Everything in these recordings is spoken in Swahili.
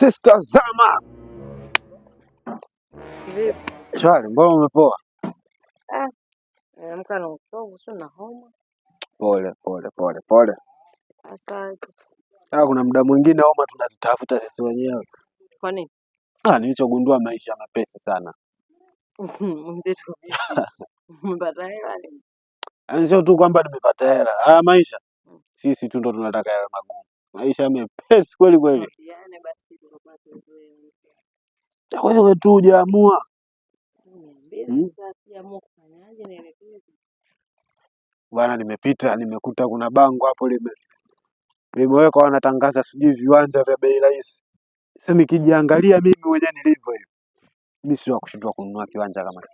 Sister Zama, Vipi? shwari. Mbona umepoa? Ah, na uchovu, sio na homa. Pole pole pole pole. Asante. Ah, kuna muda mwingine homa tunazitafuta sisi wenyewe. Kwa nini? Ah, nilichogundua maisha mapesi sana, mwenzetu? Umepata hela? Yaani sio tu kwamba nimepata hela, haya ah, maisha sisi tu ndo tunataka yawe magumu. Maisha mepesi kweli kweli, wewe tu hujaamua mm, hmm? bwana. Nimepita nimekuta kuna bango hapo lime limewekwa, wanatangaza sijui viwanja vya bei rahisi. Sasa nikijiangalia mimi mwenyewe nilivyo hivi, mi si wa kushindwa kununua kiwanja kama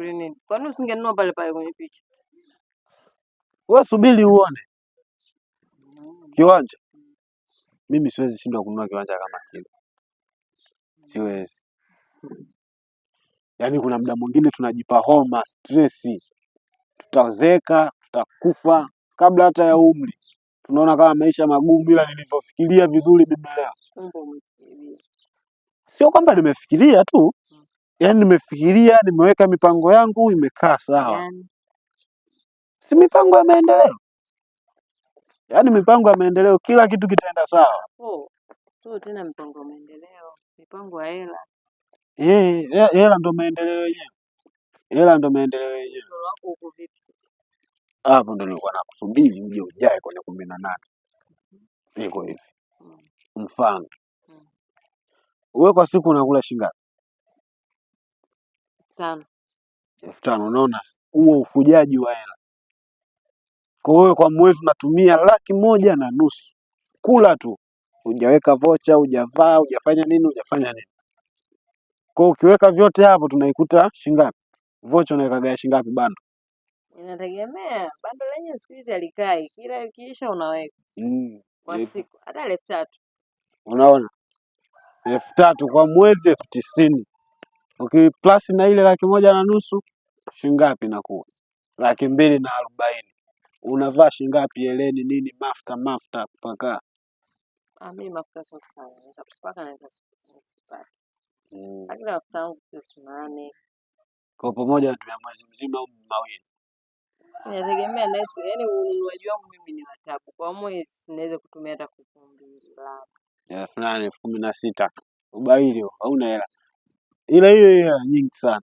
nini? Kwani usingenunua pale pale kwenye picha? we subiri uone kiwanja. Mimi siwezi shindwa kununua kiwanja kama kile, siwezi. Yaani kuna muda mwingine tunajipa homa, stresi, tutazeka, tutakufa kabla hata ya umri. Tunaona kama maisha magumu, ila nilivyofikiria vizuri mimi leo, sio kwamba nimefikiria tu, yaani nimefikiria, nimeweka mipango yangu imekaa sawa. Yaani si mipango ya maendeleo, yaani mipango ya maendeleo, kila kitu kitaenda sawa. Oh, tena mipango ya maendeleo, mipango ya hela. Eh, hela ndo maendeleo yenyewe, hela ndo maendeleo yenyewe. Hapo ndo nilikuwa nakusubiri uje ujae kwenye kumi na nane. Mm-hmm. Iko hivi, mm. mfano mm. wewe kwa siku unakula shingapi? Tano. elfu tano. Unaona huo ufujaji wa hela kwa hiyo kwa mwezi unatumia laki moja na nusu kula tu, hujaweka vocha, hujavaa, hujafanya nini, hujafanya nini. Kwa hiyo ukiweka vyote hapo tunaikuta shingapi? Vocha unawekaga shingapi bando? Inategemea bando lenye siku hizi alikai, kila ikiisha unaweka mm, kwa siku hata elfu tatu unaona elfu tatu kwa mwezi elfu tisini ukiplasi na ile laki moja na nusu shingapi inakuwa laki mbili na arobaini unavaa shingapi eleni nini mafuta mafuta kupaka? Mm. Kwa pamoja natumia mwezi mzima au mawili? Inategemea na yesu, yaani ununuaji wangu mimi ni watabu. Kwa mwezi naweza kutumia hata elfu mbili labda. Elfu nane, elfu kumi na sita. Ubaili huo, hauna hela. Ila hiyo hiyo nyingi sana.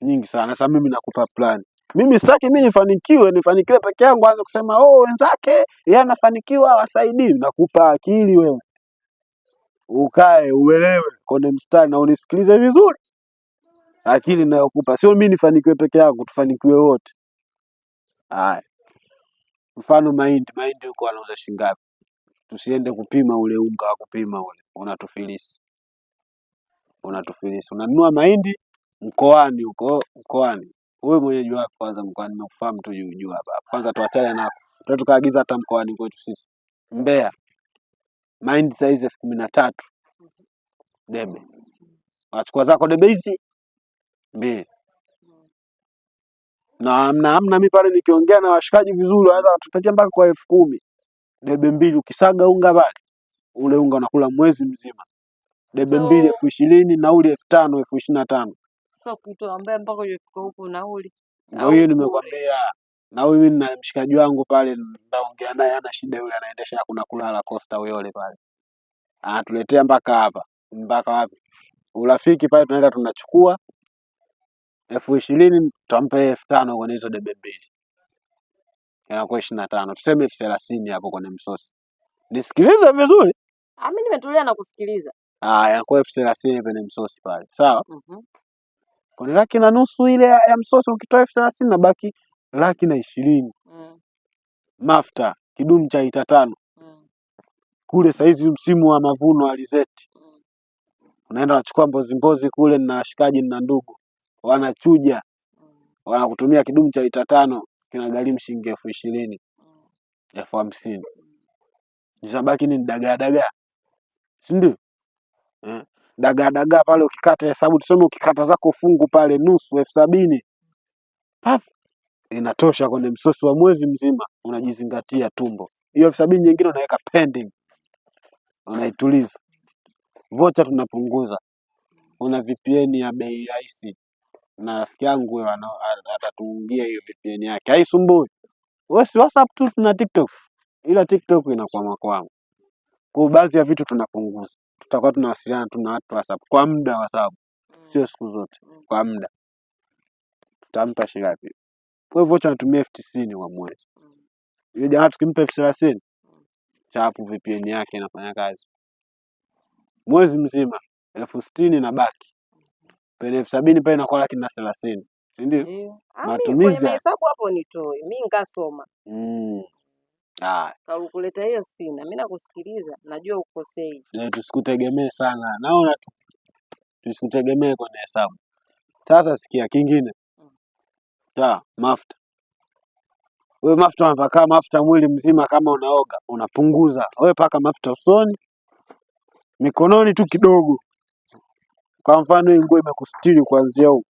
Nyingi sana. Sasa mimi nakupa plani. Mimi sitaki mimi nifanikiwe, nifanikiwe peke yangu, aanze kusema oh, wenzake yeye anafanikiwa wasaidii. Nakupa akili wewe, ukae uelewe kwenye mstari na unisikilize vizuri, akili nayokupa sio mimi nifanikiwe peke yangu, tufanikiwe wote. Haya, mfano mahindi, mahindi huko anauza shilingi ngapi? Tusiende kupima ule unga wa kupima ule, unatufilisi, unatufilisi. Unanunua mahindi mkoani huko, mkoani wewe mwenye jua kwanza mkoani, nimekufahamu tu juu jua baba. Kwanza tuachane nako, ndio tukaagiza hata mkoa ni kwetu sisi Mbeya mind size elfu kumi na tatu debe, wachukua zako debe hizi mbili na amna amna. Mimi pale nikiongea na washikaji vizuri, waweza watupatia mpaka kwa elfu kumi debe mbili. Ukisaga unga pale, ule unga unakula mwezi mzima. Debe mbili elfu ishirini, nauli elfu tano elfu ishirini na tano sio kitu ambaye mpaka ujafika huku nauli. Ndio huyu nimekwambia. Na huyu na mshikaji wangu pale ndaongea naye, ana shida yule, anaendesha kuna kulala Costa Uyole pale, anatuletea mpaka hapa, mpaka wapi urafiki pale, tunaenda tunachukua elfu ishirini tutampa elfu tano kwenye hizo debe mbili, inakuwa ishirini na tano tuseme elfu thelathini hapo kwenye msosi. Nisikilize vizuri, ah, mimi nimetulia na kusikiliza. Ah, inakuwa elfu thelathini kwenye msosi pale, sawa. mm -hmm. Kwa laki na nusu ile ya msoso ukitoa elfu thelathini na baki laki na ishirini mm. Mafuta kidumu cha lita tano mm. Kule sahizi msimu wa mavuno alizeti mm. Unaenda unachukua mbozimbozi kule na washikaji na ndugu wanachuja mm. Wanakutumia kidumu cha lita tano kinagharimu shilingi elfu ishirini mm. elfu hamsini. Zishabaki mm. ni dagadagaa, dagaa sindio dagaa dagaa pale, ukikata hesabu, tuseme ukikata zako fungu pale nusu elfu sabini paf, inatosha kwenye msosi wa mwezi mzima, unajizingatia tumbo. Hiyo elfu sabini nyingine unaweka pending, unaituliza. Vocha tunapunguza, una VPN ya bei rahisi, na rafiki yangu atatuungia hiyo VPN yake, haisumbui wewe, si WhatsApp tu tuna TikTok, ila TikTok inakwama kwama kwa baadhi ya vitu tunapunguza tutakuwa tunawasiliana tu na watu WhatsApp kwa muda WhatsApp, mm. sio siku zote, mm. kwa muda tutampa shilingi ngapi? Kwa hivyo tunatumia elfu tisini kwa mwezi. Mm. Yule jamaa tukimpa elfu thelathini chapu, VPN yake inafanya kazi mwezi mzima, elfu sitini na baki pale, elfu sabini pale inakuwa laki na thelathini, si ndio? Ah, Matumizi hapo ni toy, mimi, ngasoma mm. Ah. Kaukuleta hiyo sina. mi nakusikiliza, najua ukosei. Eh, tusikutegemee sana. Naona tusikutegemee kwenye hesabu. Sasa sikia kingine. Ta, mm. mafuta. Wewe mafuta unapakaa mafuta mwili mzima kama unaoga, unapunguza. Wewe paka mafuta usoni. Mikononi tu kidogo. Kwa mfano hii nguo imekustiri kuanzia huko.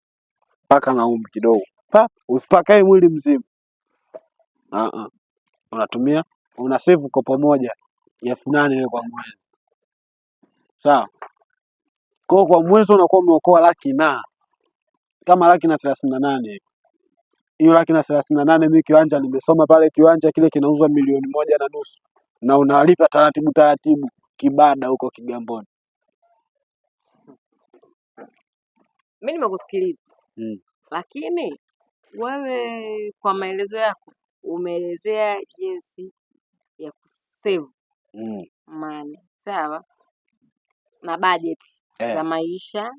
Paka na umbi kidogo. Pa, usipakae mwili mzima. uh -uh unatumia una save kopo moja ya elfu nane ile kwa mwezi sawa. Kwa kwa mwezi unakuwa umeokoa laki na kama laki na thelathini na nane hiyo laki na thelathini na nane mimi kiwanja nimesoma pale, kiwanja kile kinauzwa milioni moja na nusu na unalipa taratibu taratibu, kibada huko Kigamboni. Mimi nimekusikiliza mm. Lakini wewe kwa maelezo yako umeelezea jinsi ya kusave mm. money sawa, na bajeti yeah. za eh. maisha,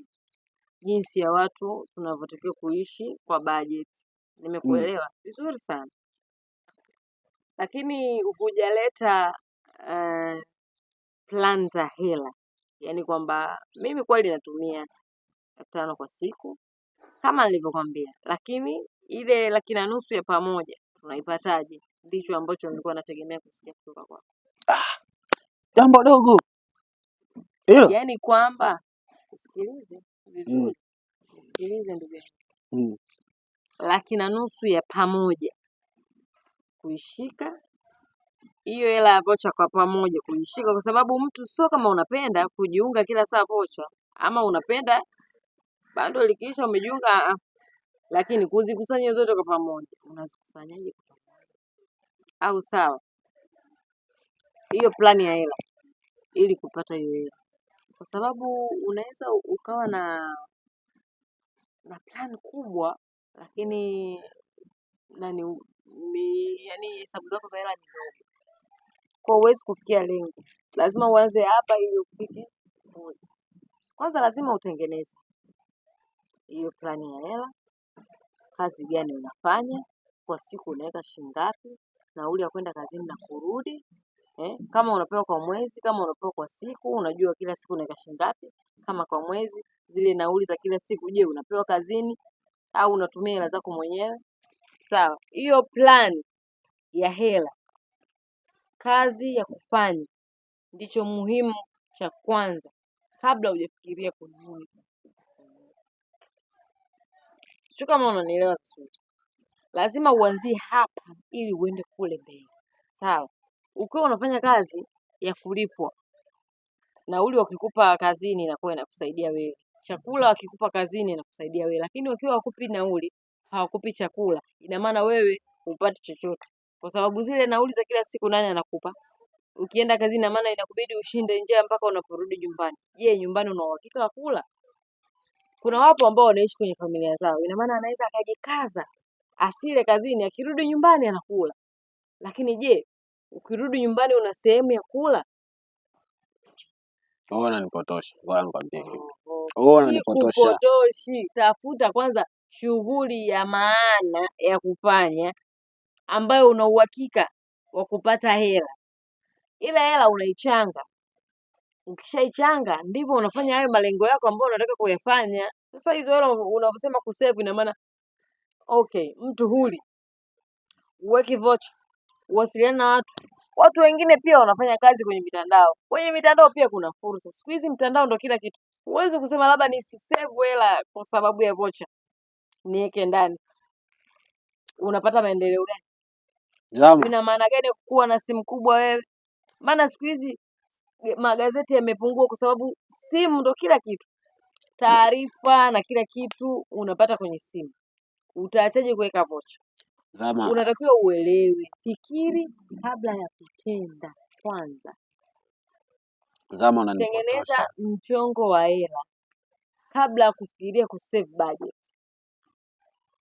jinsi ya watu tunavyotakiwa kuishi kwa bajeti. Mm. Nimekuelewa vizuri mm. sana, lakini ukujaleta uh, eh, plan za hela, yaani kwamba mimi kweli natumia tano kwa siku kama nilivyokwambia, lakini ile laki na nusu ya pamoja unaipataje? Ndicho ambacho nilikuwa nategemea kusikia kutoka kwako. Ah, jambo dogo hilo, yaani kwamba sikilize vizuri, mm. sikilize ndugu yangu mm. laki na nusu ya pamoja kuishika hiyo hela ya vocha kwa pamoja kuishika, kwa sababu mtu sio kama unapenda kujiunga kila saa vocha, ama unapenda bando likiisha umejiunga lakini kuzikusanya zote kwa pamoja, unazikusanyaje kwa pamoja? Au sawa, hiyo plani ya hela ili kupata hiyo hela, kwa sababu unaweza ukawa na na plani kubwa, lakini nani mi, yani hesabu zako za hela ni ndogo, kwa huwezi kufikia lengo. Lazima uanze hapa ili ufike kule. Kwanza lazima utengeneze hiyo plani ya hela kazi gani unafanya, kwa siku unaweka shilingi ngapi, nauli ya kuenda kazini na kurudi, eh, kama unapewa kwa mwezi, kama unapewa kwa siku, unajua kila siku unaweka shilingi ngapi, kama kwa mwezi, zile nauli za kila siku je unapewa kazini, au unatumia hela zako mwenyewe. Sawa, hiyo plani ya hela, kazi ya kufanya, ndicho muhimu cha kwanza, kabla hujafikiria kununua. Sio kama unanielewa vizuri. Lazima uanzie hapa ili uende kule mbele. Sawa? Ukiwa unafanya kazi ya kulipwa, nauli wakikupa kazini inakuwa inakusaidia wewe, chakula wakikupa kazini inakusaidia wewe, lakini wakiwa wakupi nauli, hawakupi chakula, ina maana wewe upate chochote, kwa sababu zile nauli za kila siku nani anakupa? Ukienda kazini, na maana inakubidi ushinde njia mpaka unaporudi nyumbani. Je, nyumbani una uhakika wa kula? Kuna wapo ambao wanaishi kwenye familia zao, ina maana anaweza akajikaza asile kazini, akirudi nyumbani anakula. Lakini je, ukirudi nyumbani una sehemu ya kula? Wewe unanipotosha, ngoja nikwambie tafuta kwanza shughuli ya maana ya kufanya ambayo una uhakika wa kupata hela. Ile hela unaichanga Ukishaichanga ndivyo unafanya hayo malengo yako ambayo unataka kuyafanya. Sasa hizo hela unavyosema kusave, ina maana okay, mtu huli uweke vocha, uwasiliane na watu. Watu wengine pia wanafanya kazi kwenye mitandao. Kwenye mitandao pia kuna fursa. Siku hizi mtandao ndo kila kitu. Huwezi kusema labda nisisave hela kwa sababu ya vocha niweke ndani. Unapata maendeleo gani? Ina maana gani kuwa na simu kubwa wewe? Maana siku hizi magazeti yamepungua kwa sababu simu ndo kila kitu, taarifa na kila kitu unapata kwenye simu. Utaachaje kuweka vocha? unatakiwa uelewe, fikiri kabla ya kutenda kwanza. Zama, tengeneza mchongo wa hela kabla ya kufikiria save budget.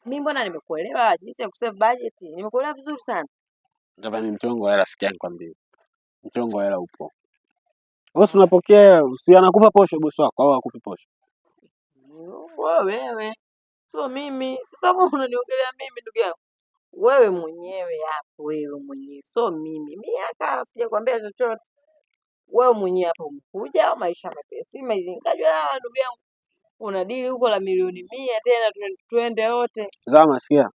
Mi mbona nimekuelewa jinsi ya save budget, nimekuelewa vizuri sana. Ni mchongo wa hela, sikia nikwambie, mchongo wa hela upo Bosi unapokea, si anakupa posho bosi wako au akupi posho? Wewe sio mimi. Sasa unaniongelea mimi ndugu yangu? Wewe mwenyewe hapo, wewe mwenyewe, sio mimi. Mimi hata sijakwambia chochote. Wewe mwenyewe hapo umekuja maisha mepesi maizingajwa ndugu yangu, unadili huko la milioni mia tena, tuende wote zama. Sikia,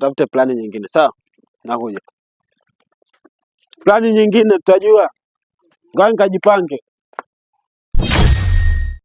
tafute plani nyingine, sawa? Nakuja plani nyingine, tutajua Ngoja nikajipange